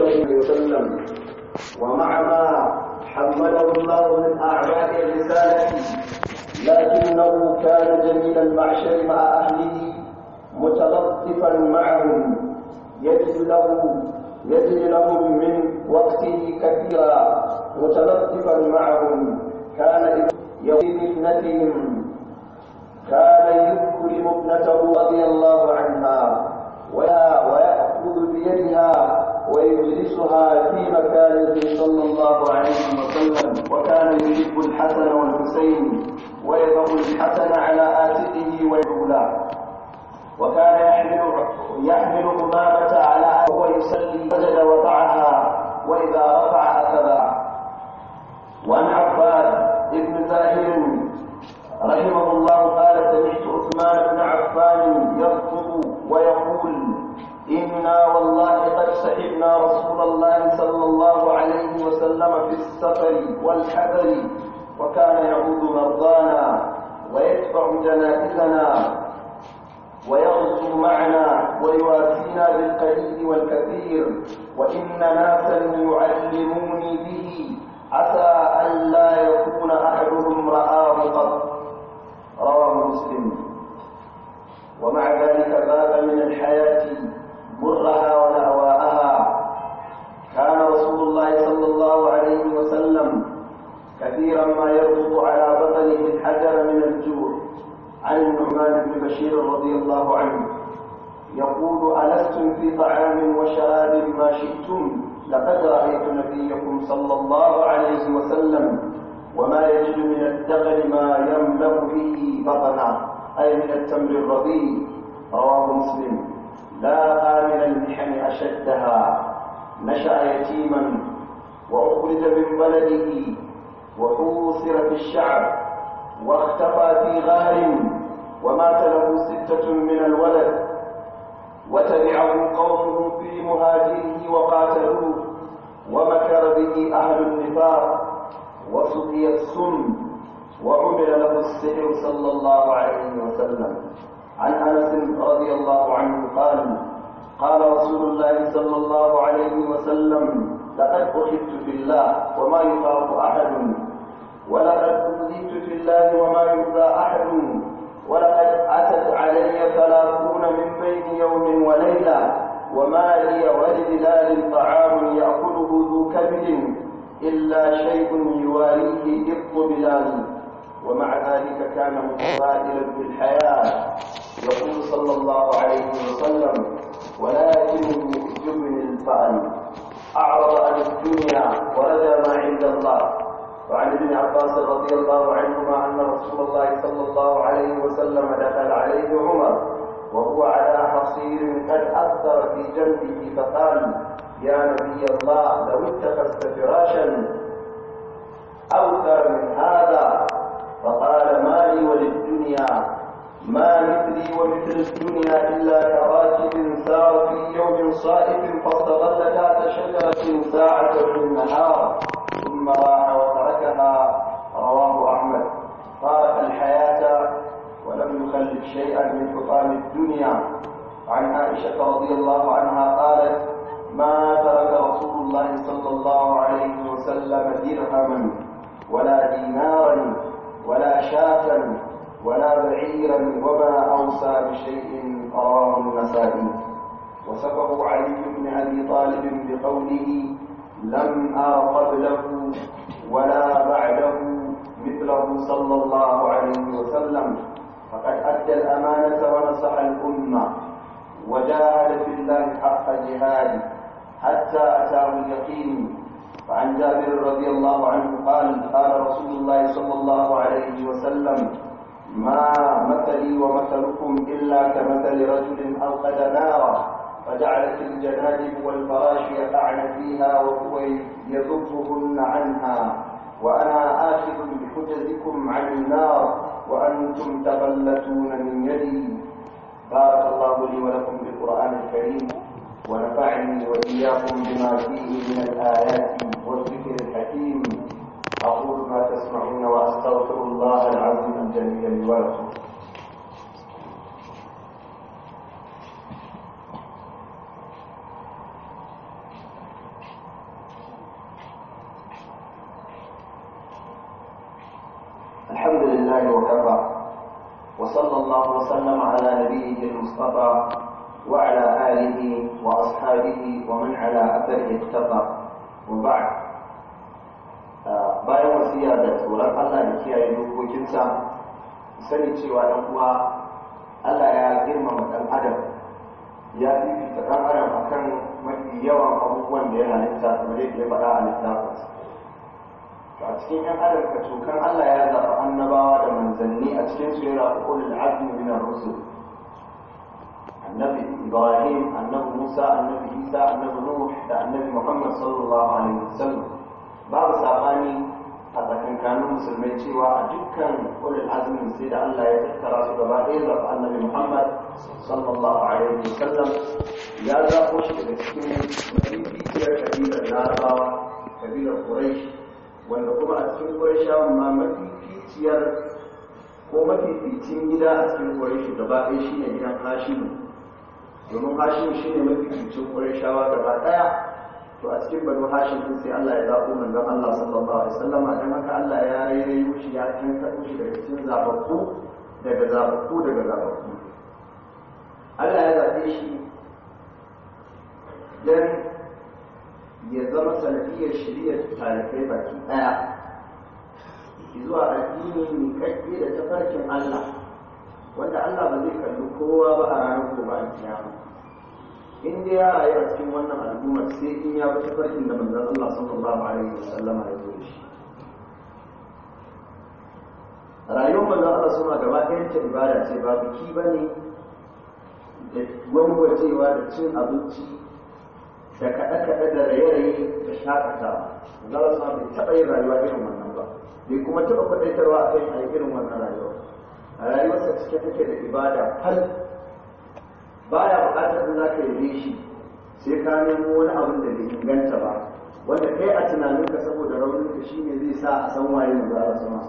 عليه وسلم ومع ما حمله الله من أعباء الرسالة لكنه كان جميل المعشر مع أهله متلطفا معهم يجد له يجد لهم من وقته كثيرا متلطفا معهم كان يوم ابنتهم كان يكرم ابنته رضي الله عنها ويأخذ بيدها ويجلسها في مكانه صلى الله عليه وسلم وكان يجيب الحسن والحسين ويضع الحسن على آتقه ويعولاه وكان يحمل يحمل عمامة على وهو يسلي سجد وضعها وإذا رفع أخذها وعن عباد بن زاهر رحمه الله قال سمعت عثمان بن عفان يخطب ويقول إنا والله سمعنا رسول الله صلى الله عليه وسلم في السفر والحذر وكان يعود مرضانا ويدفع جنائزنا ويغزو معنا ويواسينا بالقليل والكثير وإن ناسا يعلمون نشأ يتيما وأخرج من بلده وحوصر في الشعب واختفى في غار ومات له ستة من الولد وتبعه قومه في مهاجره وقاتلوه ومكر به أهل النفاق وسقي السم وعمل له السحر صلى الله عليه وسلم عن أنس رضي الله عنه قال قال رسول الله صلى الله عليه وسلم لقد أخذت في الله وما يخاف أحد ولقد أوذيت في الله وما يؤذى أحد ولقد أتت علي ثلاثون من بين يوم وليلة وما لي ولبلال طعام يأكله ذو كبد إلا شيء يواريه إبط بلالي ومع ذلك كان متفائلا بالحياة يقول صلى الله عليه وسلم ولكن يعجبني الفأل أعرض عن الدنيا ورجى ما عند الله وعن ابن عباس رضي الله عنهما أن رسول الله صلى الله عليه وسلم دخل عليه عمر وهو على حصير قد أثر في جنبه فقال يا نبي الله لو اتخذت فراشا أوثر من هذا فقال ما لي وللدنيا ما مثلي ومثل الدنيا إلا كراكب سار في يوم صائف فاستظل ذات شجرة ساعة من النهار ثم راح وتركها رواه أحمد تارك الحياة ولم يخلف شيئا من حطام الدنيا عن عائشة رضي الله عنها قالت ما ترك رسول الله صلى الله عليه وسلم درهما ولا دينارا خيرا وما أوصى بشيء أراه المساجد وسبه علي بن أبي طالب بقوله لم أر قبله ولا بعده مثله صلى الله عليه وسلم فقد أدى الأمانة ونصح الأمة وجاهد في الله حق جهاده حتى أتاه اليقين فعن جابر رضي الله عنه قال قال رسول الله صلى الله عليه وسلم ما مثلي ومثلكم إلا كمثل رجل أوقد نارا فجعلت الجنادب والفراش يقعن فيها وهو يذبهن عنها وأنا آخذ بحجزكم عن النار وأنتم تبلتون من يدي بارك الله لي ولكم بالقرآن الكريم ونفعني وإياكم بما فيه من الآيات والذكر الحكيم أقول ما تسمعون وأستغفر الله العظيم الجليل لي ولكم الحمد لله وكفى وصلى الله وسلم على نبيه المصطفى وعلى آله وأصحابه ومن على أثره اقتفى وبعد wasiya da tsoron Allah da kiyaye dokokinsa sani cewa dan kuwa Allah ya girmama dan adam ya fifita dan adam akan mafi yawan abubuwan da ya halitta kuma da ya faɗa a littafinsa a cikin yan adam ka cokan Allah ya zaɓa annabawa da manzanni a cikin su yana zaɓi da azmi min ar-rusul annabi Ibrahim annabi Musa annabi Isa annabi Nuh da annabi Muhammad sallallahu alaihi wasallam babu sabani a tsakankanin musulmai cewa a dukkan ulul azumin sai da Allah ya tattara su gaba ɗaya zaɓi annabi Muhammad sallallahu alaihi wa sallam ya zaɓo shi daga cikin mafificiyar kabilar larabawa kabilar quraish wanda kuma a cikin qurayshawan ma mafificiyar ko mafificin gida a cikin quraish gaba ɗaya shine gidan hashim domin hashim shine mafificin qurayshawa gaba ɗaya to a cikin banu hashin din sai Allah ya zaɓo manzon Allah sallallahu alaihi wasallam dan haka Allah ya rayu shi ya tantance shi daga cikin zababbu daga zababbu daga zababbu Allah ya zaɓe shi dan ya zama sanadiyar shiriyar talibai baki ɗaya zuwa addini mai kakke da tafarkin Allah wanda Allah ba zai kalli kowa ba a ranar gobe kiyama in dai ya rayu a cikin wannan al'ummar sai in ya fi farkin da manzan Allah sallallahu da sallama ya zo shi rayuwar manzan Allah suna gaba ɗaya ta ibada ce ba biki ba ne da gwangwacewa da cin abinci da kaɗe-kaɗe da raye-raye da shakatawa za su bai taɓa yin rayuwa irin wannan ba bai kuma taɓa kwaɗaitarwa a kan irin wannan rayuwa a rayuwarsa cike take da ibada har baya buƙatar da zaka ka yabe shi sai ka nemo wani abin da bai inganta ba wanda kai a tunaninka saboda raunin rauninka shine zai sa a san waye mu za a sama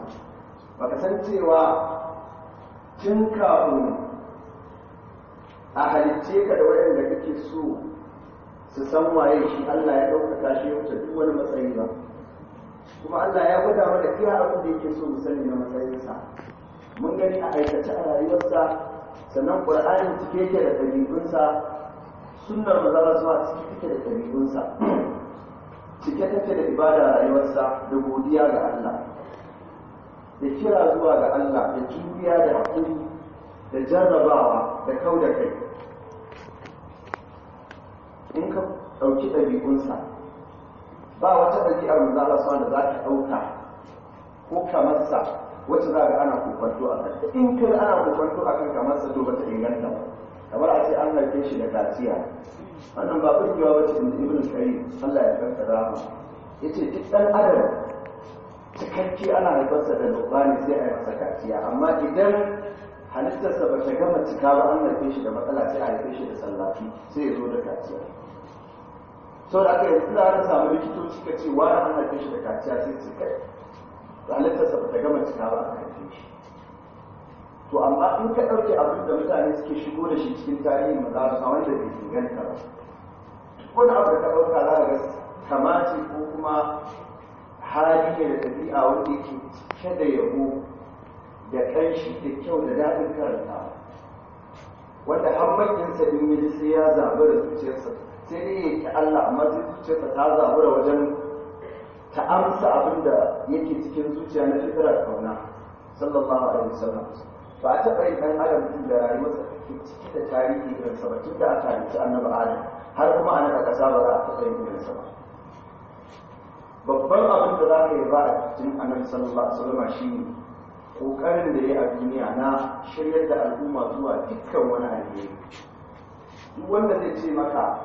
baka san cewa tun kafin a halicce ka da waɗanda kake so su san waye shi Allah ya ɗaukaka shi ya duk wani matsayi ba kuma Allah ya gwada mana iya abin da yake so mu sani na matsayinsa mun gani a aikace a rayuwarsa sannan ƙur'anin cike yake da ɗabi'unsa sunnar manzara zuwa cike take da ɗabi'unsa cike take da ibada rayuwarsa da godiya ga Allah da kira zuwa ga Allah da juriya da haƙuri da jarrabawa da kau da kai in ka ɗauki ɗabi'unsa ba wata ɗabi'ar manzara suwa da za ka ɗauka ko kamarsa wacce za ga ana kokonto a kan in kai ana kokonto a kan kamar sa ba ta inganta ba kamar a ce an haife shi da kaciya wannan ba burgewa ba inda kai Allah ya karka Ya yace duk dan adam cikakke ana haifarsa da lubani sai a yi masa kaciya amma idan halittarsa ba ta gama cika ba an haife shi da matsala sai a haife shi da sallafi sai ya zo da kaciya sau da aka yi da an samu likitoci suka ce wani an haife shi da kaciya sai su kai halittarsa ba ta gama cika ba a haife shi to amma in ka ɗauke abin da mutane suke shigo da shi cikin tarihin maza su wanda bai inganta ba ko da abu da ka ɗauka za ga kamaci ko kuma hali ne da tafiya wanda yake cike da yabo da ƙanshi da kyau da daɗin karanta wanda har manyansa in yaji sai ya zaɓi da zuciyarsa sai dai ya ki Allah amma zuciyarsa ta zaɓi da wajen ta amsa abin da yake cikin zuciya na fitrar kauna sallallahu alaihi wasallam ba a taɓa yin ɗan adam tun da rayuwarsa take ciki da tarihi irin sa ba tun da aka halicci annabi adam har kuma a naɗa ƙasa ba za a taɓa yin irin sa babban abin da za ka yi ba a cikin annabi sallallahu alaihi wasallam ne kokarin da ya a duniya na shiryar da al'umma zuwa dukkan wani alheri duk wanda zai ce maka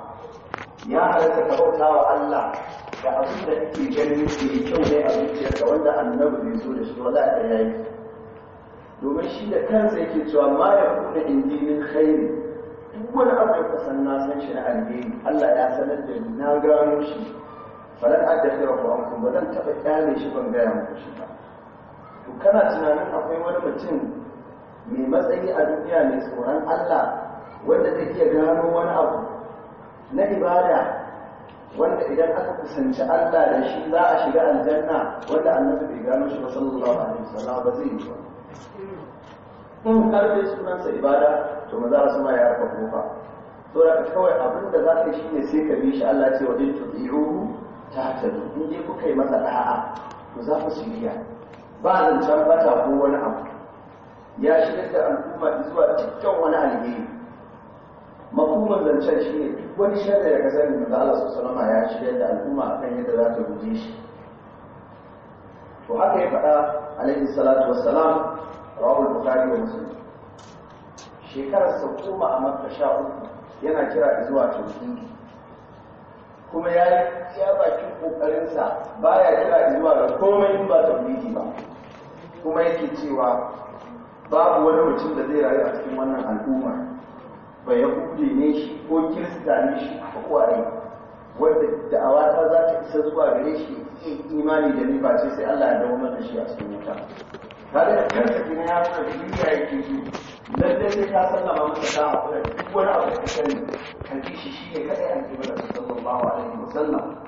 ya halatta ka bauta wa Allah da abin da kake ganin ke kyau ne a zuciyarka wanda annabi bai zo da shi ba za ka yayi domin shi da kansa yake cewa ma ya kuna indinin khairi duk wani abu da kasan na san shi na alheri Allah ya sanar da ni na gano shi falan addakhira ku ankum ba zan taba kyale shi ban gaya muku shi ba to kana tunanin akwai wani mutum mai matsayi a duniya mai tsoron Allah wanda zai iya gano wani abu na ibada wanda idan aka kusanci Allah da shi za a shiga aljanna wanda annabi bai gano shi ba sallallahu alaihi wasallam ba zai yi ba in har dai sunansa ibada to maza su ma ya rafa kofa to da kawai abin da za ka yi shine sai ka bi shi Allah ce wa in ta ta in dai kuka yi masa da'a to za ku biya. ba zancen bata ko wani abu ya shigar da al'umma zuwa cikin wani alheri makuman zancen shi ne duk wani shari'a da kasar da manzo Allah sallallahu alaihi ya shirya da al'umma akan yadda za ta guje shi to haka ya faɗa alaihi salatu wassalam rawul bukhari wa muslim shekarar sa a makka sha uku yana kira zuwa tauhidi kuma ya yi ya bakin kokarinsa baya kira zuwa ga komai ba ba tauhidi ba kuma yake cewa babu wani mutum da zai rayu a cikin wannan al'ummar. ba ya kuɗe ne shi ko kirista ne shi a waye wanda da'awa ta za ta isa zuwa gare shi imani da ni ba ce sai Allah ya dawo mana shi a cikin wuta Ta da kanka gina ya fara duniya yake ji lalle sai ta sallama masa ta hakura duk wani abu da sani ka ji shi shi ne kadai an sassan mana sallallahu alaihi wasallam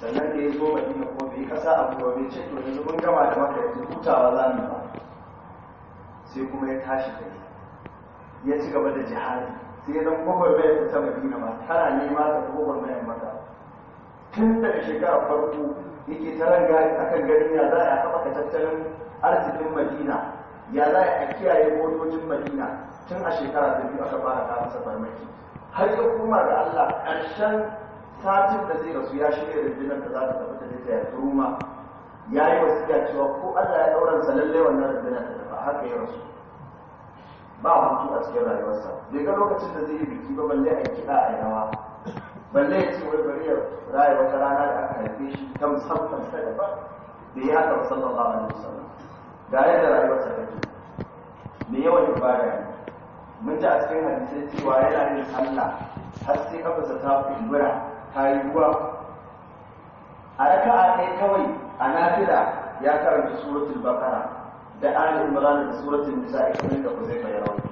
sannan da ya zo madina ko bai kasa abu ba bai ce to yanzu mun gama da maka yanzu hutawa za mu ba sai kuma ya tashi da ni ya ci gaba da jihadi sai zan gwagwarmayar ta madina ba tana nema ta gwagwarmayar mata tun daga shekara farko yake taron gari a kan garin ya za a haɓaka tattalin arzikin madina ya za a kiyaye motocin madina tun a shekara ta biyu aka fara kawo masa farmaki har ya koma da allah ƙarshen satin da zai rasu ya shirya rundunar da za ta tafi ta ta ya ruma ya yi wasiya cewa ko allah ya ɗauransa lallai wannan rundunar ta tafi haka ya rasu ba hutu a cikin rayuwarsa bai ga lokacin da zai yi biki ba balle a kiɗa a yawa balle ya ce wai bari ya raya wata rana da aka haife shi ta musamman sai da ba bai yi haka musamman ba wani musamman ga yadda rayuwarsa ke mai yawan bada ne mun ji a cikin hadisai cewa yana yin sallah har sai kafarsa ta kumbura ta yi ruwa a raka'a ɗaya kawai a nafila ya karanta suratul baqara da Ali Imran da suratul Nisa ikin da Huzaifa ya rauni.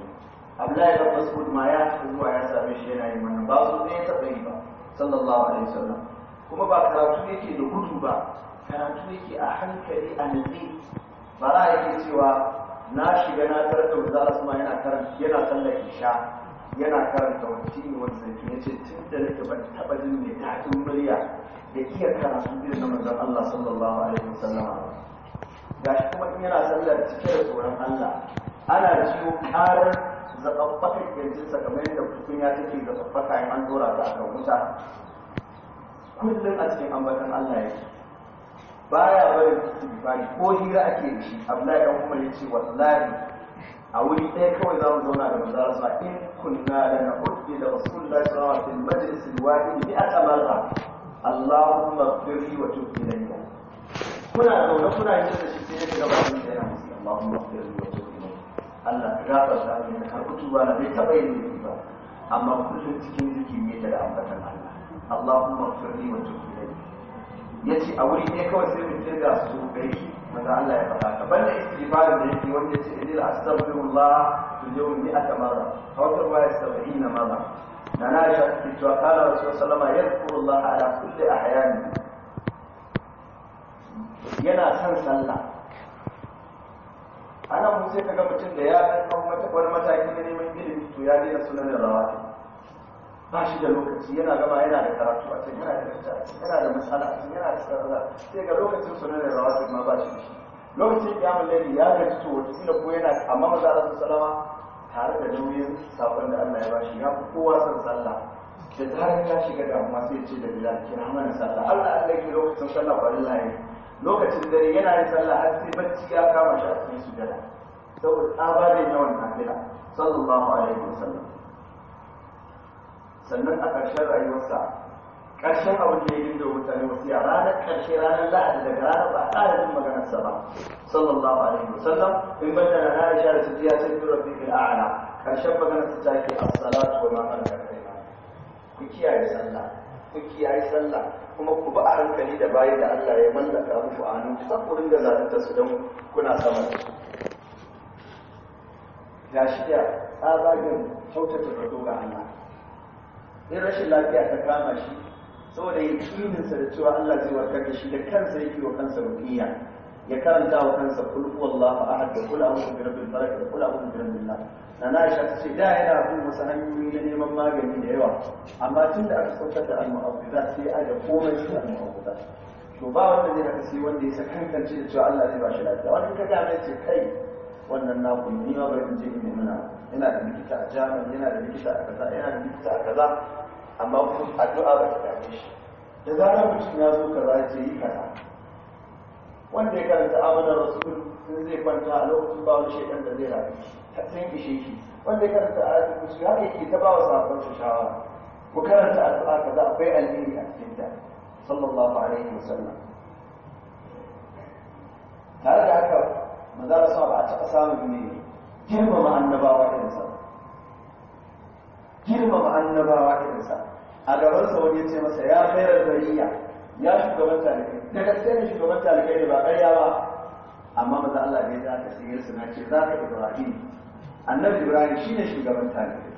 Abdullahi da Mas'ud ma ya zuwa ya same shi yana yin wannan ba su ne ya taɓa yi ba sallallahu alaihi wasallam kuma ba karatu yake da gudu ba karatu yake a hankali a nutse ba za yake cewa na shiga na tarka za su ma yana karanta yana sallar isha yana karanta wacce ne wanda zai ya ce tun da nake ban taɓa jin mai daɗin murya da iya karatu irin na manzon Allah sallallahu alaihi wasallam gashi kuma in yana sallar cike da tsoron Allah ana jiyo karar zaɓaɓɓakar kirjinsa kamar yadda kutunya take zaɓaɓɓaka in an dora ta akan wuta kullum a cikin ambatan Allah yake baya barin bari ko hira ake yi shi Abdullahi dan Umar yace wallahi a wuri ɗaya kawai za mu zauna da manzara sa in kunna da na hudu da rasulullahi sallallahu alaihi wasallam majlis alwahid bi atamarra Allahumma firri wa tub ilayya kuna zaune kuna yin da shi sai ya gaba da ya musu Allahumma ya zuwa cikin Allah ka gafarta min ka mutu ba na bai taba yin ba amma kullum cikin zikiri ne da ambatan Allah Allahumma firni wa tuqi yace a wuri ne kawai sai mu tirga su gari Maza Allah ya faɗa ka banda istighfarin da yake wanda yace idil astaghfirullah tujawin bi atamara aw tarwa 70 mara nana Aisha ta ce to kana Rasulullah sallallahu alaihi wasallam yadhkurullah ala kulli ahyani yana son sallah ana mun sai kaga mutum da ya dan kawo mata wani mataki da neman ilimi to ya daina sunan rawa ba shi da lokaci yana gama yana da karatu a can, yana da karatu yana da matsala a can, yana da sarara sai ga lokacin sunan rawa ma ba shi shi lokacin ya mallari ya gaji to wata ko yana amma maza da sallama tare da nauyin sabon da Allah ya bashi ya fi kowa son sallah da zarar ya shiga damuwa sai ce da bilal kira mana sallah Allah Allah ke lokacin sallah bari layi lokacin dare yana yin sallah har sai bacci ya kama shi a cikin sujada saboda tsabarin yawan nafila sallallahu alaihi wasallam sannan a ƙarshen rayuwarsa ƙarshen abin da ya yi da mutane wasu ya ranar ƙarshe ranar la'adi daga ranar ba ƙara jin maganarsa ba sallallahu alaihi wasallam in da na ya sha da sujjiya sai fi rabbi bil a'la ƙarshen maganarsa ta ke as-salatu wa ma malakat ku kiyaye sallah ya yi sallah kuma ku ba a hankali da bayan da Allah ya mallaka muku a hannu san ku da zalunta su don kuna sama da su ga shi da tsabagen kyautata da ga Allah in rashin lafiya ta kama shi saboda yin sa da cewa Allah zai warkar da shi da kansa yake wa kansa rukiya ya karanta wa kansa kul huwallahu ahad da kul a'udhu bi rabbil falaq da kul a'udhu bi rabbin nas nana Aisha ta ce da yana bin wasu hanyoyi na neman magani da yawa amma tun da aka saukar da al-mu'awwidat sai a ga komai su al-mu'awwidat to ba wanda zai haka sai wanda ya sakankance da cewa Allah zai ba shi lafiya Wannan ka gane ce kai wannan na ku ni ma bari in je in nemi yana da likita a jami'a yana da likita a kaza yana da likita a kaza amma kuma addu'a ba ta dame shi da zarar mutum ya zo kaza ya ce yi kaza wanda ya karanta amanar rasul sun zai kwanta a lokacin ba wani da zai ta sun ishe shi wanda ya karanta a ayatul kursi haka yake ta bawa wa sahabban shi shawara ku karanta addu'a za akwai alheri a cikin ta sallallahu alaihi wasallam tare da haka maza da sa ba a taɓa samun ne girmama annabawa irinsa girmama annabawa irinsa a gabansa wani ya ce masa ya khairar bariya ya shugaban talibai da gaske ne shugaban talibai ne ba ƙarya ba amma maza Allah ne za ka sigar su na ce za ka Ibrahim annabi Ibrahim shi ne shugaban talibai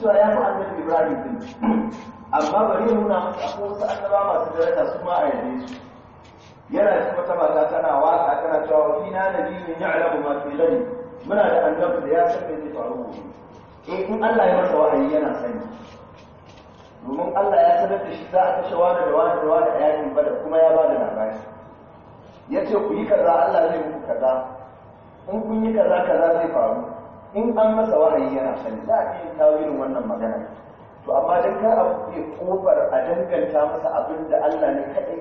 tare ya fi annabi Ibrahim din amma bari ya nuna masu akwai wasu annaba masu daraja su ma a yabe su yana shi wata mata tana waka tana cewa na fina nabiyyun ya ma fi lani muna da annabi da ya san me zai faru eh, in Allah ya masa wahayi yana sani domin Allah ya sanar da shi za a kashe wani da wani da wani a yakin bada kuma ya ba da labari ya ce ku yi kaza Allah zai muku kaza in kun yi kaza kaza zai faru in an masa wahayi yana sani za a yi yin tawirin wannan magana to amma dan kar a buɗe kofar a danganta masa abin da Allah ne kaɗai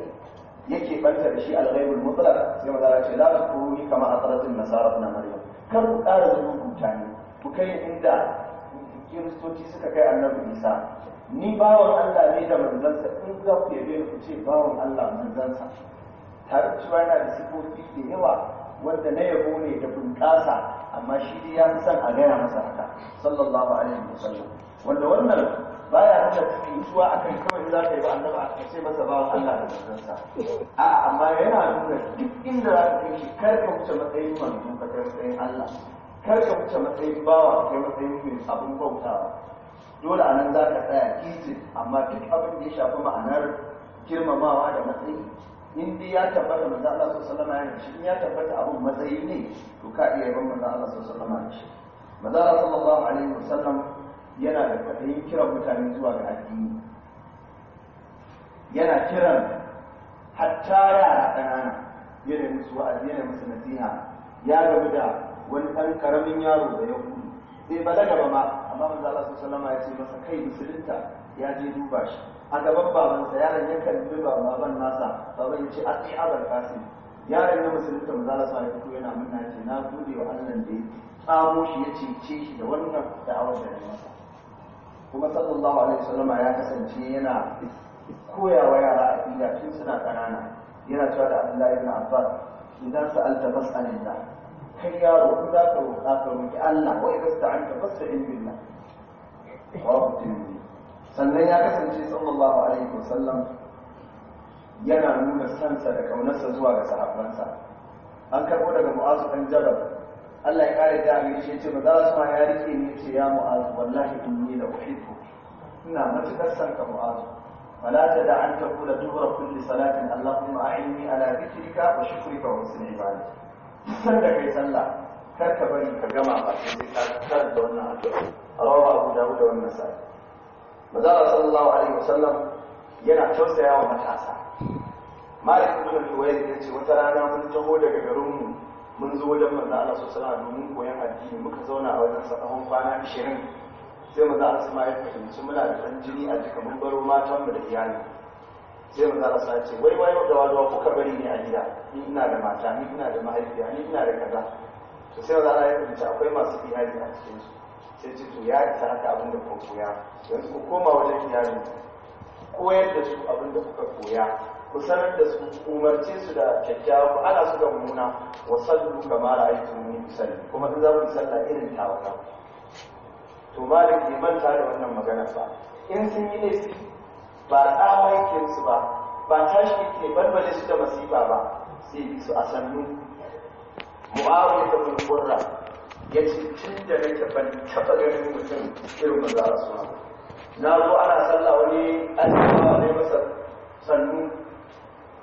yake banta da shi alghaibul mutlaq sai maza ce la tukuruni kama asratin nasara na maryam kar ku ƙara zuwa ni ku kai inda kiristoci suka kai annabi isa ni bawan Allah ne da manzansa in za ku yabe ku ce bawan Allah manzansa tare da cewa yana da sifofi da yawa wanda na yabo ne da bunƙasa amma shi dai ya san a gaya masa haka sallallahu alaihi wasallam wanda wannan baya nuna a akan kawai za ka yi ba annaba a ce masa bawan Allah da manzansa a amma yana nuna duk inda za ka kai shi kar ka wuce matsayin manzo ka kai matsayin Allah kar ka wuce matsayin bawa kai matsayin abin bautawa dole a nan za ka tsaya titin amma duk abin da ya shafi ma'anar girmamawa da matsayi in dai ya tabbata manzo Allah sallallahu alaihi wasallam shi ya tabbata abin matsayi ne to ka iya yaban manzo Allah sallallahu alaihi wasallam manzo Allah sallallahu alaihi wasallam yana da kwadayin kiran mutane zuwa ga addini yana kiran hatta yara ƙanana yana musu wa'azi yana musu nasiha ya gabu da wani ɗan ƙaramin yaro da ya kudu sai balaga ba ma amma manzo Allah sallallahu alaihi ya ce masa kai musulunta ya je duba shi a gaban babansa yaron ya kalli baban nasa baban ya ce a tsaye abar kasi yaron ya musulunta manzo Allah sallallahu alaihi yana munna ce na gode wa Allah da ya tsamo shi ya cece shi da wannan da'awar da ya masa kuma sallallahu alaihi wasallam ya kasance yana koyawa yara aqida tun suna ƙanana yana cewa da Abdullahi ibn Abbas idan sa'alta a da kai yaro in za ka roƙa ka roƙi Allah wa idan sta'anta fasta'in billah wa ne. sannan ya kasance sallallahu alaihi wasallam yana nuna sansa da kaunarsa zuwa ga sahabbansa an karɓo daga mu'azu ɗan jarab Allah ya kare ta a shi ce ba za su ma ya rike ni ce ya mu'azu wallahi inni la uhibbu ina matuƙar san ka mu'azu fala ta da an taqula dubra kulli salatin allahumma a'inni ala dhikrika wa shukrika wa husni ibadati san da kai sallah kar ka bari ka gama ba sai ka tsara da wannan addu'a rawa Abu Dawud da wannan sai manzo sallallahu alaihi wasallam yana tausaya wa matasa Malik ibn al ya ce wata rana mun taho daga garin mu mun zo wajen manzo Allah sallallahu alaihi domin koyon addini muka zauna a wajen sa tsawon kwana 20 sai manzo Allah sallallahu alaihi wasallam ya fahimci muna da jini a jikin mun baro matan mu da iyali sai mu zara sa ce wai wai da wazo kuka bari ne a gida ni ina da mata ni ina da mahaifiya ni ina da kaza to sai zara ya rubuta akwai masu iyali a cikin su sai ce to ya ta haka abin da kuka koya yanzu ku koma wajen iyali. koyar da su abin da kuka koya ku sanar da su umarce su da kyakkyawa ku ana su da mummuna wa sallu kama ra'aytu ni sallu kuma in za ku sallah irin wata to malik bai manta da wannan magana ba in sun yi laifi ba tsawa yake musu ba ba tashi yake balbale su da masifa ba sai bi su a sannu mu'awar da bulburra ya ce tun da nake ban taɓa ganin mutum irin maza a suna na zo ana sallah wani alfawa ne masa sannu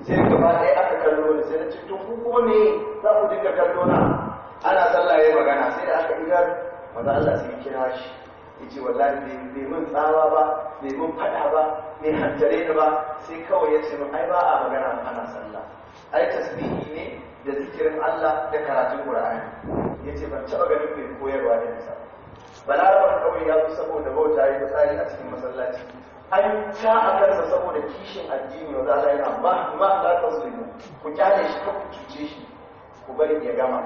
sai gaba ɗaya aka kallo da sai na ce tun kuma me za ku dinga kallo na ana sallah ya magana sai da aka idar maza Allah sai kira shi yace wallahi bai mun tsawa ba bai mun fada ba bai hantare ni ba sai kawai yace mun ai ba a magana ana sallah ai tasbihi ne da zikirin Allah da karatun Qur'ani yace ban taba ganin mai koyarwa da nisa balarabar kawai ya zo saboda bauta ya tsari a cikin masallaci an ta a kansa saboda kishin addini wanda Allah yana ma ma la taslimu ku kyale shi ku cuce shi ku bari ya gama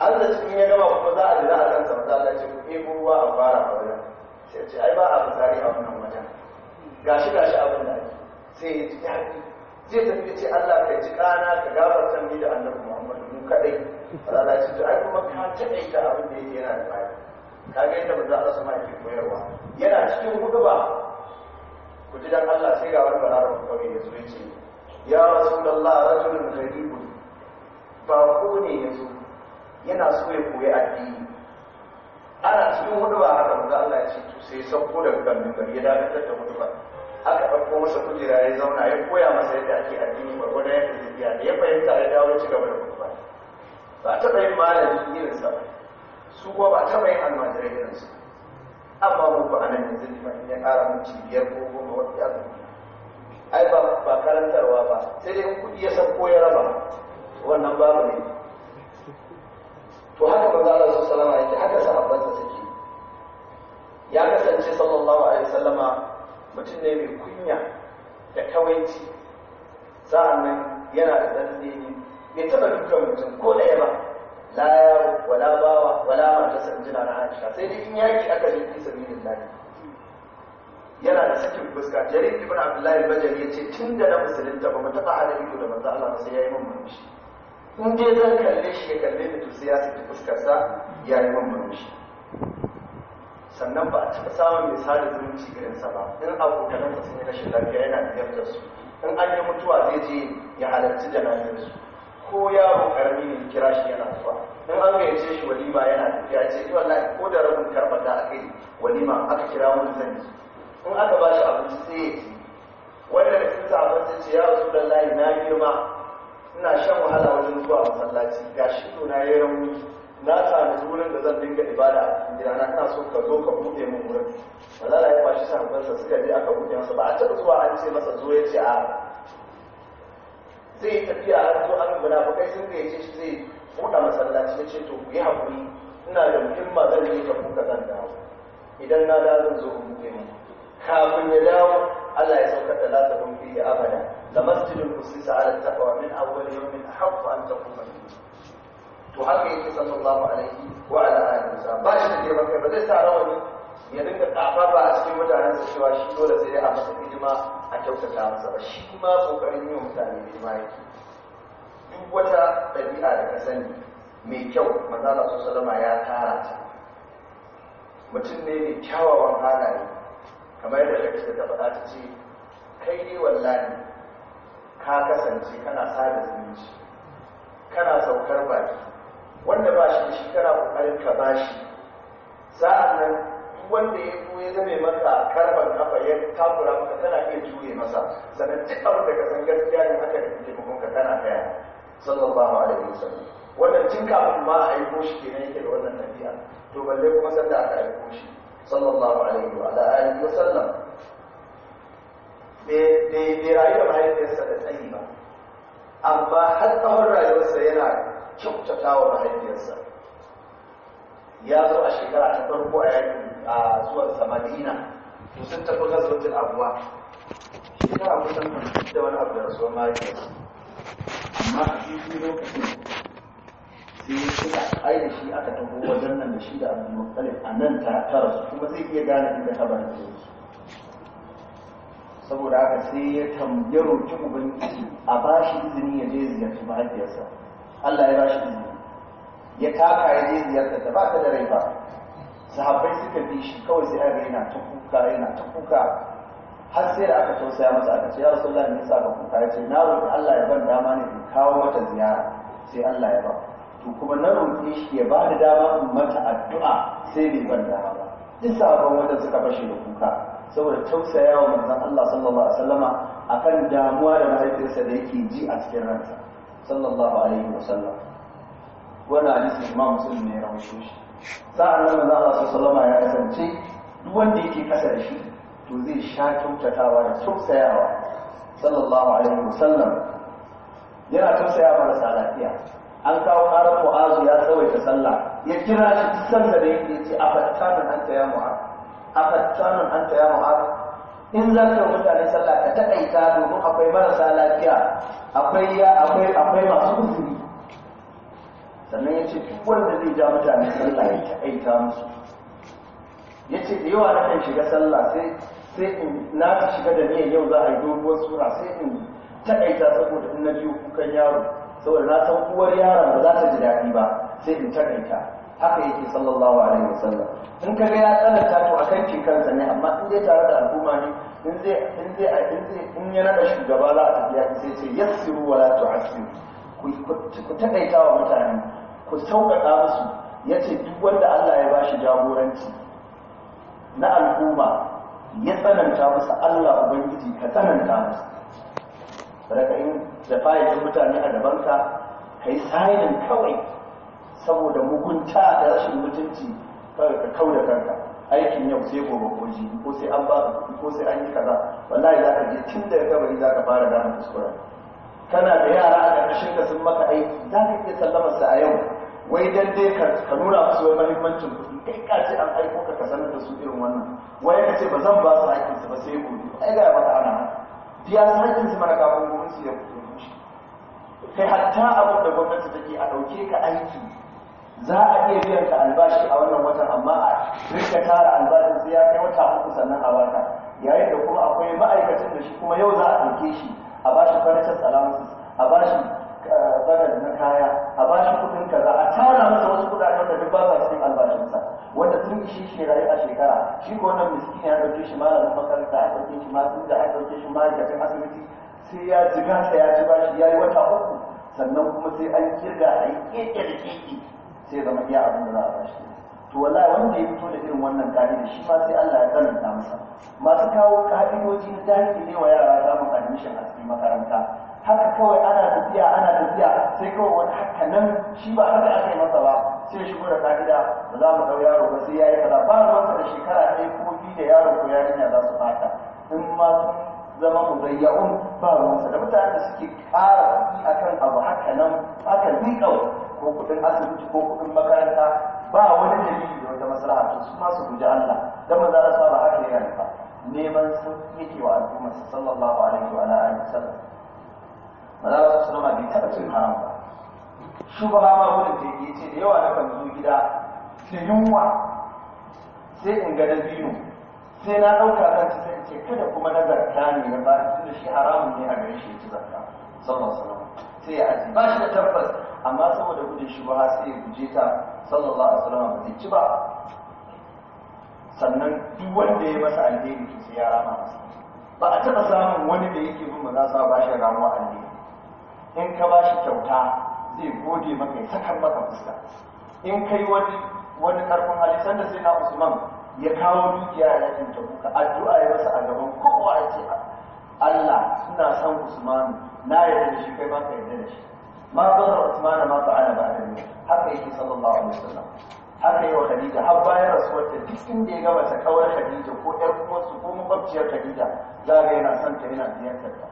Allah cikin ya gama kuma za a jira a kan samta Allah ce kuɗe ruwa a fara a wajen sai ce ai ba a fitsari a wannan wajen gashi gashi abin da sai ya ji daɗi zai tafi ce Allah ka ji kana ka gafarta ni da annabi Muhammadu mu kadai Allah ce to ai kuma ka ta abin da yake yana da Ka ga yadda manzo Allah sama yake koyarwa yana cikin huduba ku ji dan Allah sai ga wani balarabar kawai ya zo ya ce ya rasulullah rajulun gharibun ba ku ne ya zo yana so ya koyi addini ana cikin hudu ba haka manzo Allah ya ce to sai ya sauko daga kan mimbar ya dawo da hudu ba aka ɗauko masa kujera ya zauna ya koya masa yadda ake addini gwargwadon yadda zai biya da ya fahimta ya dawo ci gaba da hudu ba ba a taɓa yin malami irinsa ba su kuma ba ta taɓa yin almajirai irinsa amma mu ba anan yanzu ne in ya ƙara mun cibiyar ko goma wata ya zuwa ai ba karantarwa ba sai dai kuɗi ya san ko ya raba wannan babu ne to haka manzo Allah sallallahu alaihi yake haka sahabbansa suke ya kasance sallallahu alaihi wasallama mutum ne mai kunya da kawaici sa'annan yana da ne, bai taba dukkan mutum ko da ba la yaro wala bawa wala mata jina na Aisha sai dai in yaki aka yi fi lafi yana da sakin fuska jarir ibn abdullahi ce tun da na musulunta ba mu taba hada ido da manzo Allah sai ya yi mun murmushi in dai zan kalle shi ya kalle ni to ya saki fuskarsa ya yi man murmushi sannan ba a cika samun misali zumunci irinsa ba in abokanan sun yi rashin lafiya yana ziyartar su in an yi mutuwa zai je ya halarci jana'izar su ko yaro karami ne kira shi yana zuwa in an gayyace shi walima yana tafiya ce to wallahi ko da rabin karbata aka yi walima aka kira mun zan in aka ba shi abinci sai ya ci wanda da cikin abinci ce ya rasu da layi na girma ina shan wahala wajen zuwa masallaci ga shi na yi rauni na sami wurin da zan dinga ibada a cikin gidana ina so ka zo ka buɗe min wurin malala ya kwashi sahabbansa suka je aka buɗe masa ba a taɓa zuwa an ce masa zo ya ce a zai tafiya har zo an kai sun ga ce shi zai buɗe masallaci ya ce to ku yi haƙuri ina da muhimma zan je ka buɗe zan dawo idan na dawo zan zo ku buɗe min kafin ya dawo Allah ya sauka da lasa kun fiye abada لمسجد أسس على التقوى من أول يوم أحق أن تقوم فيه تحقق صلى الله عليه وعلى آله وسلم باشر دي مكة بدأت أروني ya rinka kafa ba a cikin mutanensa cewa shi dole sai a masa hidima a kyautata masa ba shi ma kokarin yi wa mutane hidima yake duk wata ɗabi'a da sani mai kyau manzala su salama ya tara mutum ne mai kyawawan halaye kamar yadda shakista ta faɗa ta ce kai ne wallahi ka kasance kana sada zumunci kana saukar baki wanda ba shi shi kana kokarin ka ba shi sa'annan wanda ya zo ya zame maka karban kafa ya takura maka tana iya juye masa sannan duk abin da ka san gaskiya ne haka da kake ka tana kaya sallallahu alaihi wasallam wannan tun kafin ma a aiko shi kenan yake da wannan tafiya to balle kuma sanda aka aiko shi sallallahu alaihi wa alihi wasallam bai rayu da mahaifiyarsa da tsayi ba amma har tsawon rayuwarsa yana kyautata wa mahaifiyarsa ya zo a shekara ta farko a yakin a zuwan samadina to sun tafi gazotin abuwa shekara kusan da wani abu da rasuwar mahaifiyarsa amma a cikin lokacin sai suka aida shi aka tafi wajen nan da shi da abu a nan ta rasu kuma zai iya gane inda kabarin su saboda haka sai ya tambayi roƙi ubangiji a ba shi izini ya je ziyarci mahaifiyarsa Allah ya ba shi izini ya taka ya je ziyarta ta ba ta da rai ba sahabbai suka bi shi kawai sai aka yana ta kuka yana ta kuka har sai da aka tausaya masa aka ce ya rasulullahi me yasa ka kuka ya ce na roƙi Allah ya ban dama ne in kawo mata ziyara sai Allah ya ba to kuma na roƙi shi ya ba da dama in mata addu'a sai bai ban dama ba duk sabon wanda suka fashe da kuka saboda tausaya wa manzon Allah sallallahu alaihi wasallama akan damuwa da mahaifinsa da yake ji a cikin ransa sallallahu alaihi wasallam wannan hadisi Imam Muslim ne ya rawaito shi sa'an nan manzon Allah sallallahu alaihi wasallama ya kasance duk wanda yake kasa da shi to zai sha kyautatawa da tausayawa sallallahu alaihi wasallam yana tausayawa marasa lafiya an kawo ƙarar mu'azu ya tsawaita sallah ya kira shi sanda da yake ce a fatta da hanta ya mu'azu afattanin an ta yamu haka in za ka mutane sallah ka taƙaita domin akwai marasa lafiya akwai ya akwai akwai masu uzuri sannan ya ce duk wanda zai ja mutane sallah ya taƙaita musu ya ce da yawa na kan shiga sallah sai sai in na ta shiga da niyan yau za a yi doguwar sura sai in taƙaita saboda in na biyu kukan yaro saboda na san uwar yaron ba za ta ji daɗi ba sai in taƙaita haka yake sallallahu alaihi wasallam in kaga ya tsananta to akan ce kansa ne amma in dai tare da al'umma ne in zai in zai in zai in ya nada shugaba za a tafiya sai ce yassiru wala tu'assiru ku takaita wa mutane ku sauƙaƙa musu yace duk wanda Allah ya bashi jagoranci na al'umma ya tsananta musu Allah ubangiji ka tsananta musu Raka in da fa'idin mutane a gabanka kai sainin kawai saboda mugunta da rashin mutunci kawai ka kau da kanka aikin yau sai gobe ko jibi ko sai an ba kuɗi ko sai an yi kaza wallahi za ka je tun daga gabari za ka fara gane kuskuren kana da yara a ƙarƙashin ka sun maka aiki za ka iya sallamar sa a yau wai dan dai ka nuna musu wai mahimmancin kuɗi kai ka ce an aiko ka ka sanar da su irin wannan wai ka ce ba zan ba su aikin su ba sai gobe ai ga maka ana biya su aikin su mana kafin gobe su ya fito kai hatta abin da gwamnati take a ɗauke ka aiki za a iya biyan ta albashi a wannan watan amma a rika tara albashin sai ya kai wata uku sannan a wata yayin da kuma akwai ma'aikacin da shi kuma yau za a ɗauke shi a bashi furniture allowances a bashi eh, bagar na kaya a bashi kudin kaza a tara masa wasu kudaden da duk ba sa cikin albashinsa wanda sun shi shi rayu a shekara shi ko wannan miskin ya ɗauke shi malamin makaranta ya ɗauke shi masu da ya ɗauke shi ma'aikacin asibiti sai ya jiga ya ci bashi ya yi wata uku sannan kuma sai an kirga a yi ƙeƙe sai zama iya abin da za a bashi to wallahi wanda ya fito da irin wannan ka'ida shi ma sai Allah ya karanta masa masu kawo ka'idoji jahili ne wa yara zamu admission a cikin makaranta haka kawai ana tafiya ana tafiya sai kawai wani haka nan shi ba haka aka yi masa ba sai shigo da ka'ida ba za mu dau yaro ba sai ya yi kaza ba ruwansa da shekara ɗaya ko biyu da yaro ko yarinya za su fata in ma mu zama muzayya'un ba ruwansa da mutane da suke ƙara kuɗi akan abu haka nan haka ni kawai ko kuɗin asibiti ko kuɗin makaranta ba wani dalili da wata maslaha to su ma su guji Allah dan manzo Allah sa ba haka ya nufa neman sauki yake wa al'umma sallallahu alaihi wa alihi wasallam manzo Allah sallama bai taba cin haram ba ba ma gudun da yake ce da yawa na kan zo gida sai yunwa sai in ga dabino sai na ɗauka kan ci sai ce kada kuma na zarta ne na ba tun da shi haramun ne a gare shi ya ci zarta sallallahu alaihi wasallam sai ya aji ba shi da tabbas amma saboda gudun ba sai ya guje ta sallallahu alaihi wasallam ba zai ci ba sannan duk wanda ya masa alheri to sai ya rama masa ba a taba samun wani da yake bin maza sa ba shi ramuwa alheri in ka ba shi kyauta zai gode maka ya sakar maka fuska in kai wani wani karfin hali sanda sai na usman ya kawo dukiya ya yakin buka addu'a ya masa a gaban kowa ya ce Allah suna son usman na yarda da shi kai maka ka yarda da shi ma zarra usman ma fa'ala ba da haka yake sallallahu alaihi wasallam haka yi wa khadija har bayan rasuwar ta duk inda ya gama ta kawar khadija ko ɗan uwansu ko makwabciyar khadija za ga yana son ta yana ziyartar ta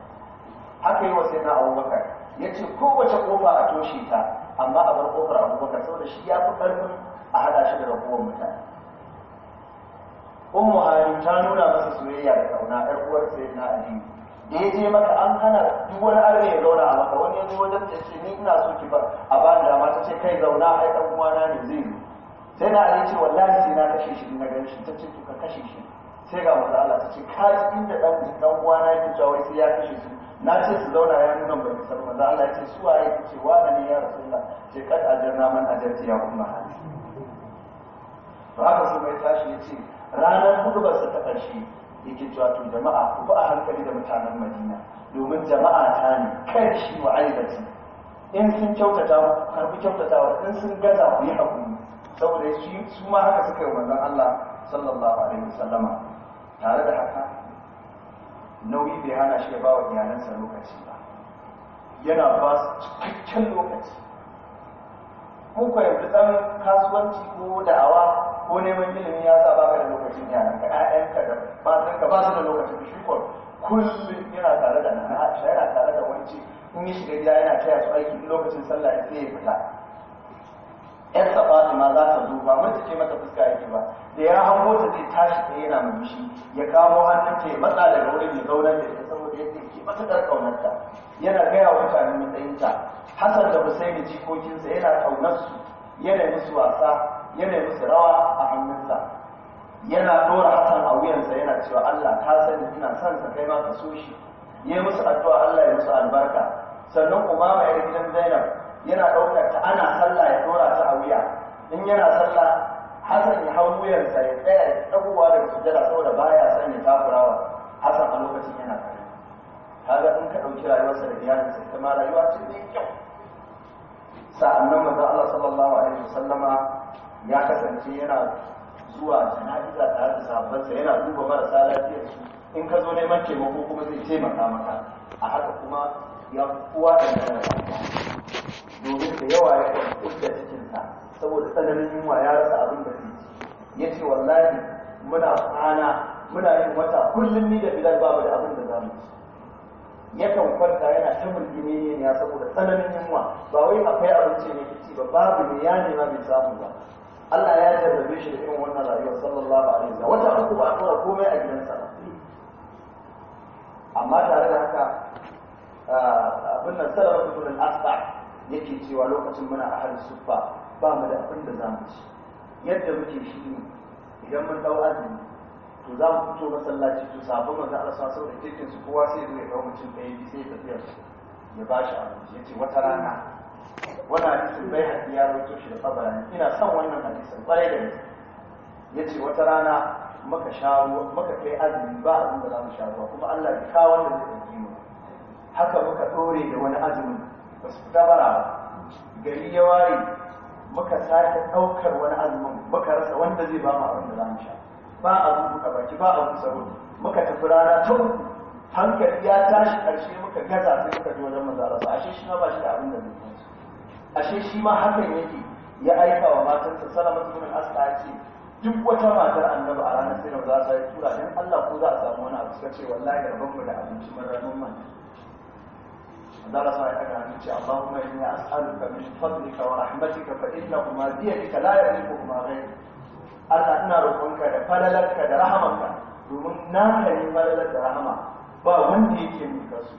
haka yi wa sai na abubakar ya ce kowace kofa a toshe ta amma a bar kofar abubakar saboda shi ya fi ƙarfin a haɗa shi da raguwar mutane ummu ta nuna masa soyayya da kauna ɗan uwar sai na aliyu da ya je maka an hana duk wani arme ya zauna a maka wani yanzu wajen ta ce ni ina so ki ba a ba da ta ce kai zauna a ɗan uwana ne zai yi sai na ce wallahi sai na kashe shi na gan shi ta ce to ka kashe shi sai ga manzo Allah ta ce ka ji inda dan dan uwana yake cewa sai ya kashe su na ce su zauna ya nuna ban san maza Allah ya ce su waye ku ce wani ne ya rasulullah ce kad ajarna man ajarti ya hali to haka sai mai tashi ya ce ranar hudu ba su ta ƙarshe yake cewa to jama'a ku ba a hankali da mutanen madina domin jama'a ta ne kai shi wa aibati in sun kyautata ku karbi kyautatawa in sun gaza ku yi hakuri saboda shi su ma haka suka yi manzon Allah sallallahu alaihi wasallama tare da haka nauyi bai hana shi ya ba wa iyalansa lokaci ba yana ba su cikakken lokaci ko ko da dan kasuwanci ko da'awa ko neman ilimi ya sa baka da lokacin yana ka ƴaƴanka da san ka ba su da lokacin shi ko kullum yana tare da nan yana tare da wani in yi shiga gida yana taya su aiki lokacin sallah ya sai ya fita ƴar su ma za ta duba mun take mata fuska yake ba da ya hango ta zai tashi ta yana murmushi ya kamo hannunta ya matsa daga wurin ya zaunar da ita saboda yadda ke matuƙar ƙaunarta yana gaya wa mutane matsayinta Hassan da Hussein jikokinsa yana ƙaunarsu yana musu wasa yana musu rawa a hannunsa yana dora hasan a wuyansa yana cewa Allah ka sani ina son sa kai ma ka so shi ya musu addu'a Allah ya musu albarka sannan ma ya gidan Zainab yana ɗaukar ta ana sallah ya dora ta a wuya in yana sallah Hassan ya hau wuyansa ya tsaya ya tsagowa daga sujjada saboda baya son ya takurawa Hassan a lokacin yana kare kaga in ka ɗauki rayuwarsa da iyalinsa ita ma rayuwa ce mai kyau sa'annan manzo Allah sallallahu alaihi wasallama ya kasance yana zuwa jana'iza tare da sahabbansa yana duba marasa lafiyar su in ka zo neman taimako kuma zai taimaka maka a haka kuma ya kowa da nan domin da yawa ya kan kusa cikinsa saboda tsananin yunwa ya rasa abin da zai ci ya ce wallahi muna kwana muna yin wata kullum ni da bilal babu da abin da za mu ci yakan kwanta yana ta mulki ne ya saboda tsananin yunwa ba wai akwai abinci ne ci ba babu ne ya nema bai samu ba Allah ya jarrabe shi da irin wannan rayuwar sallallahu alaihi wasallam wata uku ba tura komai a gidansa amma tare da haka abin nan sallar kuturin asba yake cewa lokacin muna a hali suffa ba mu da abin da za mu ci yadda muke shi ne idan mun dau azumi to za mu fito masallaci to sabon manzo Allah sa saboda kirkin su kowa sai ya dau mutum ɗaya sai ya tafiya ya ba shi abinci ce wata rana wannan hadisin bai haɗi ya roƙe shi da fabarani ina son wannan hadisin ƙwarai da gaske ya ce wata rana muka shawo muka kai azumi ba abin da za mu sha ruwa kuma Allah ya kawo wannan da zai ɗauki mu haka muka ɗore da wani azumi ba su fita bara ba gari ya ware muka sake ɗaukar wani azumin muka rasa wanda zai ba mu abin da za mu sha ba a rubuta baki ba abin rubuta muka tafi rana ta uku hankali ya tashi ƙarshe muka gaza sai muka ji wajen mazarasa ashe shi ma ba shi da abin da zai ashe shi ma hakan yake ya aika wa matarsa salama tun al'asqa ya ce duk wata matar annabi a ranar sai za su yi tura don allah ko za a samu wani abu suka ce wallahi mu da abinci mun rabon man Allah sa ya kaga abinci Allahumma inni as'aluka min fadlika wa rahmatika fa inna ma biyadika la yamliku ma ghayruka Allah ina roƙonka da falalarka da rahamanka domin na ne falalar da rahama ba wanda yake mika su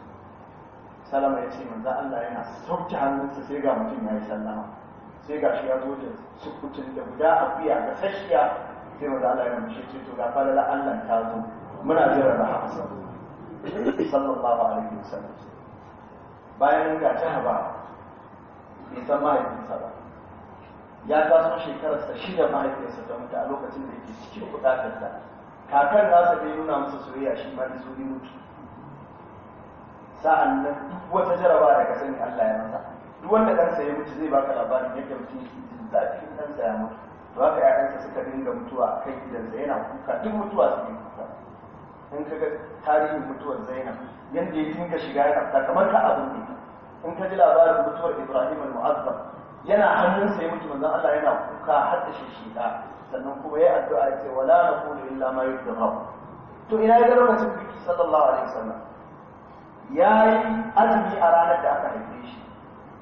salama ya ce manzan Allah yana sauke hannunsa sai ga mutum ya yi sallama sai ga shi ya zo da sukutun da guda biya ga sashiya sai manzan Allah ya mishi ce to ga falala Allah ta zo muna jira da hafsa sallallahu alaihi wasallam bayan ga ta haba bai san mahaifinsa ba ya taso shekararsa shida mahaifinsa ta mutu a lokacin da yake cikin da, kakan nasa bai nuna masa soyayya shi ma da mutu sa'an nan duk wata jaraba da ka sani Allah ya masa duk wanda kansa ya mutu zai baka labarin yadda mutum ya jin zafi kansa ya mutu to haka 'ya'yansa suka dinga mutuwa a kan gidansa yana kuka duk mutuwa su ne kuka in ka ga tarihin mutuwar zainab yadda ya dinga shiga yana fita kamar ka abin ne in ka ji labarin mutuwar ibrahim al-mu'azzam yana hannunsa ya mutu manzon Allah yana kuka har da shishida sannan kuma ya addu'a ya ce wala naqulu illa ma yurdi to ina ga lokacin biki sallallahu alaihi wasallam ya yi azumi a ranar da aka haife shi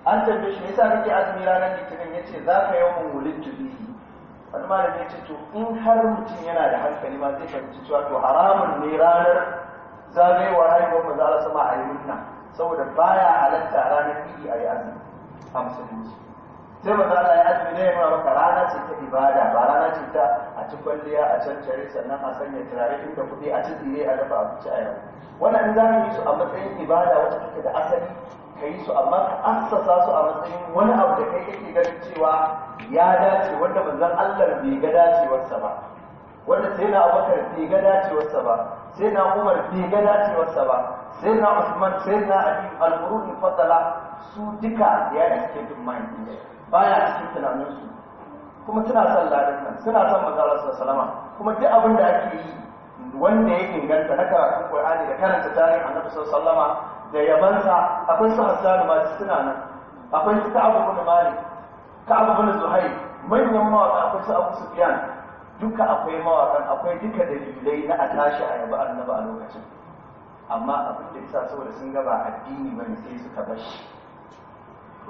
an tambaye shi yasa kake azumi ranar litinin ya ce za ka yawan wulin tubihi wani malami ya ce to in har mutum yana da hankali ma zai fahimci cewa to haramun ne ranar zagayewar haihuwar maza Allah sama a yi saboda baya halatta ranar idi a yi azumi a musulunci sai maza a yi azumi ne ya maka rana ce ta ibada ba rana ce ta ci kwalliya a can tare sannan a sanya turare da kuɗi a ci tsire a dafa abinci a yau wannan za mu yi su a matsayin ibada wata take da asali ka yi su amma ka assasa su a matsayin wani abu da kai kake ganin cewa ya dace wanda manzon Allah bai ga dacewarsa ba wanda sai na Abubakar bai ga dacewarsa ba sai na Umar bai ga dacewarsa ba sai na Usman sai na Ali al fadala su duka ya suke duk mai ya cikin tunaninsu kuma suna son ladin nan suna son mazalar salama kuma duk abin da ake yi wanda ya inganta na karatun qur'ani da karanta tarihin annabi sallama da yabansa akwai su da ma suna nan akwai su ka'ab ibn malik ka'ab ibn zuhai manyan mawaka akwai su abu sufyan duka akwai mawakan akwai duka dalilai na a tashi a yaba annabi a lokacin amma abin da yasa saboda sun gaba addini bane sai suka bar shi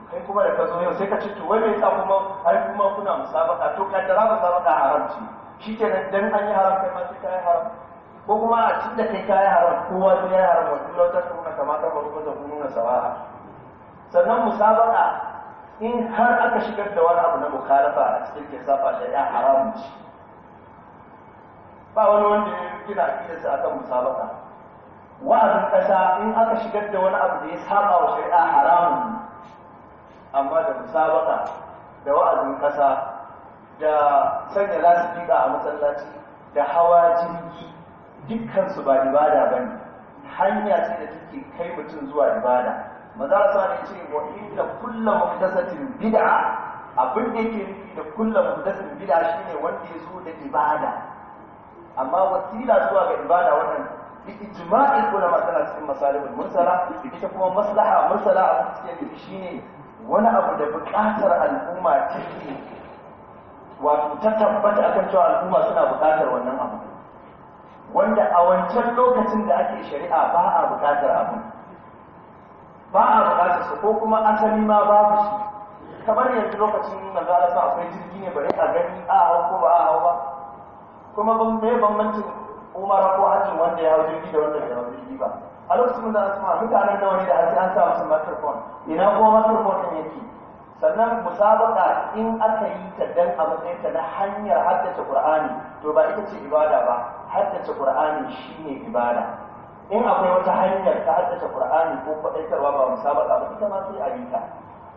kai kuma da ka zo yau sai ka ci tuwai mai sa kuma ai kuma kuna musabaka to kaddara musabaka haramci shi ke nan dan an yi haram kai ma sai ka yi haram ko kuma a cikin da kai ka yi haram kowa sai ya yi haram wani lautar ta kuma kamata ba kuma da kuma sawa'a sannan musabaka in har aka shigar da wani abu na mukhalafa a cikin ke saba shari'a haramci ba wani wanda ya gina akidarsa akan musabaka wa'azin ƙasa in aka shigar da wani abu da ya saba wa shari'a haramun amma da musabaka da wa'azin ƙasa da sanya lasifika a matsalaci da hawa jirgi dukkansu ba ibada ba ne hanya ce da take kai mutum zuwa ibada maza sa ne ce wa inda kullum muhdasatin bid'a abin da yake nufi da kullum muhdasatin bid'a shine wanda ya zo da ibada amma wasila zuwa ga ibada wannan bi ijma'il ulama cikin masalibin mursala ita kuma maslaha mursala a cikin shine wani abu da buƙatar al'umma take wato ta tabbata akan cewa al'umma suna buƙatar wannan abu wanda a wancan lokacin da ake shari'a ba a buƙatar abu ba a buƙatar su ko kuma asali ma babu shi kamar yanzu lokacin da za a sa akwai jirgi ne bare a gani a hau ko ba a hau ba kuma ban mai bambancin umara ko hajji wanda ya hau jirgi da wanda ya hau jirgi ba a lokacin da mutanen nawa ne da ake an sa musu microphone ina kuma microphone yake sannan musabaka in aka yi ta dan a matsayin ta na hanyar haddace qur'ani to ba ita ce ibada ba haddace qur'ani shine ibada in akwai wata hanyar ta haddace qur'ani ko faɗaitarwa ba musabaka ba ita ma sai a yi ta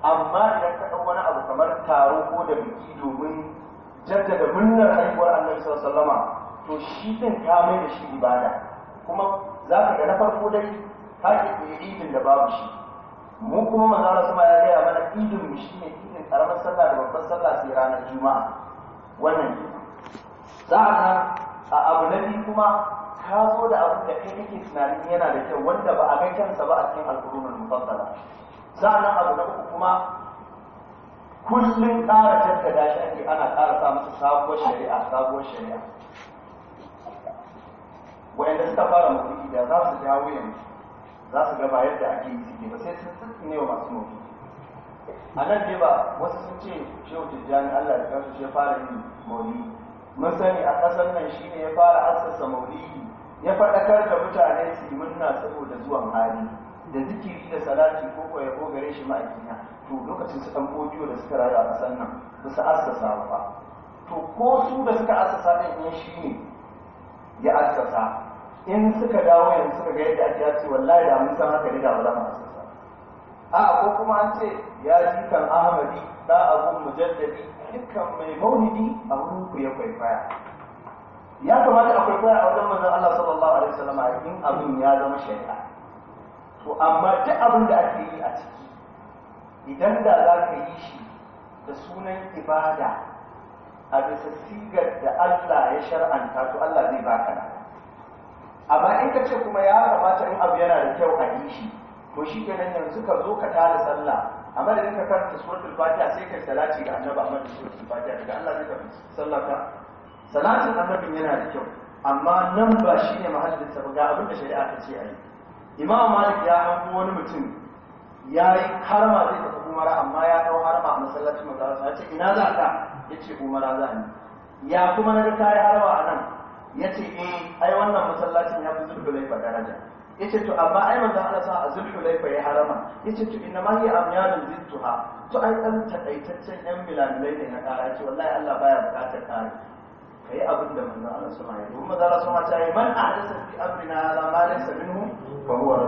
amma idan ka ɗau wani abu kamar taro ko da biki domin jaddada murnar haihuwar annabi sallallahu alaihi wasallama to shi din ka mai da shi ibada kuma za ka ga na farko dai haƙi da idin da babu shi mu kuma manzara sama ya gaya mana idin mu shi ne idin ƙaramar sallah da babbar sallah sai ranar juma'a wannan ne za a ga a abu na biyu kuma ka zo da abin da kai kake tunanin yana da kyau wanda ba a ga kansa ba a cikin Za mufassala nan abu na uku kuma kullum ƙara jaddada shi ake ana ƙara sa musu sabuwar shari'a sabuwar shari'a wa'anda suka fara mutuki da za su jawo yanzu za su gaba yadda ake yi suke ba sai sun tsitsi wa masu mutu a nan dai ba wasu sun ce shehu tijjani allah da kansu shi fara yin maulidi mun sani a ƙasar nan shi ne ya fara assasa maulidi ya faɗakar da mutane su yi murna saboda zuwan hali da zikiri da salati ko ko ko gare shi ma'aikina to lokacin su ɗan bodiyo da suka rayu a ƙasar nan ba su ba to ko su da suka assasa ɗin shi ne ya asasa in suka dawo yanzu suka ga yadda ake yace wallahi da mun san haka ne da ba za mu assasa a ko kuma an ce ya ji kan ahmadi da abu mujaddadi dukkan mai maulidi a wurin ku ya kwaikwaya ya kamata a kwaikwaya a wajen manzon Allah sallallahu alaihi wasallam in abin ya zama shari'a to amma duk abin da ake yi a ciki idan da za ka yi shi da sunan ibada a bisa sigar da Allah ya shar'anta to Allah zai baka na amma in ka ce kuma ya kamata in abu yana da kyau a yi shi to shi kenan yanzu ka zo ka tara sallah a madadin ka karanta suratul fatiha sai ka salati ga annabi amma da suratul fatiha daga Allah zai karanta sallah ka salatin annabin yana da kyau amma nan ba shi ne mahallin sa ga abin da shari'a ta ce a yi imam malik ya hango wani mutum ya yi harma zai tafi umara amma ya dau harma a masallacin manzo ce ina za ka ya ce umara za ya kuma na ga yi harawa a nan ya ce eh ai wannan masallacin ya fi laifa daraja ya ce to amma ai manzan Allah sa a laifa ya harama ya ce to inna ma hiya zittuha to ai dan takaitaccen yan milalai ne na kara ya ce wallahi Allah baya bukatar kare ka yi abin da manzan Allah sama ya domin manzan Allah ta yi man ahdasa fi amrina hada ma laysa minhu fa huwa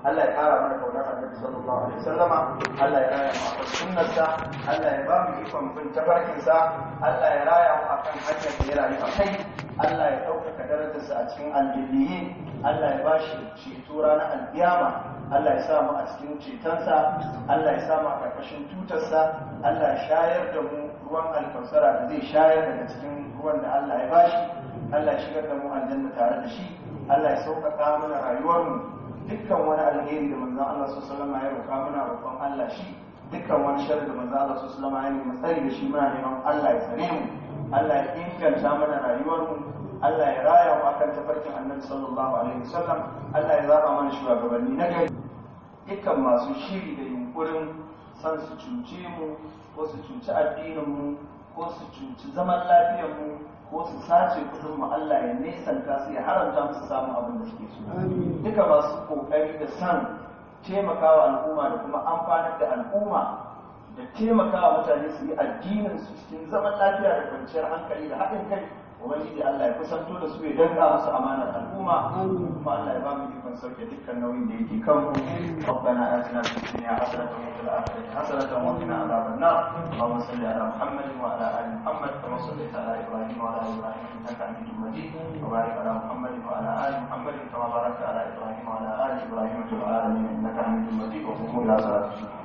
Allah ya kara mana kaunar annabi sallallahu alaihi wasallama Allah ya raya mu akan sunnarsa Allah ya ba mu ikon bin tafarkinsa Allah ya raya mu akan hanyar da ya rayu a kai Allah ya ɗaukaka darajarsa a cikin aljihiyi Allah ya ba shi ceto ranar alkiyama Allah ya samu a cikin cetonsa, Allah ya samu a ƙarƙashin tutarsa, Allah ya shayar da mu ruwan alkausara da zai shayar daga cikin ruwan da Allah ya bashi, Allah ya shigar da mu aljanna tare da shi, Allah ya sauƙaƙa mana rayuwarmu dukkan wani alheri da manzan Allah su salama ya roƙa muna roƙon Allah shi dukkan wani sharri da manzan Allah su salama ya tsari da shi muna neman Allah ya tsare mu Allah ya inganta mana rayuwar mu Allah ya raya mu akan tafarkin Annabi sallallahu alaihi wasallam Allah ya zaba mana shugabanni na gari dukkan masu shiri da yunkurin san su cuce mu ko su cuci addinin mu ko su cuci zaman lafiyar mu ko su sace kudin mu Allah ya ta su ya haramta musu samun abin da suke so duka masu kokari da san taimakawa al'umma da kuma amfanar da al'umma da taimakawa mutane su yi addinin su cikin zaman lafiya da kwanciyar hankali da haɗin kai ubangiji Allah ya kusanto da su ya danga musu amanar al'umma kuma Allah ya ba mu ikon sauke dukkan nauyin da yake kan mu rabbana atina fid dunya hasanatan wa fil akhirati hasanatan wa qina ta nar اللهم صل على محمد وعلى ال محمد كما صليت على ابراهيم وعلى ال ابراهيم انك حميد مجيد وبارك على محمد وعلى ال محمد كما باركت على ابراهيم ala ال ابراهيم في العالمين انك حميد مجيد وقوموا الى صلاتكم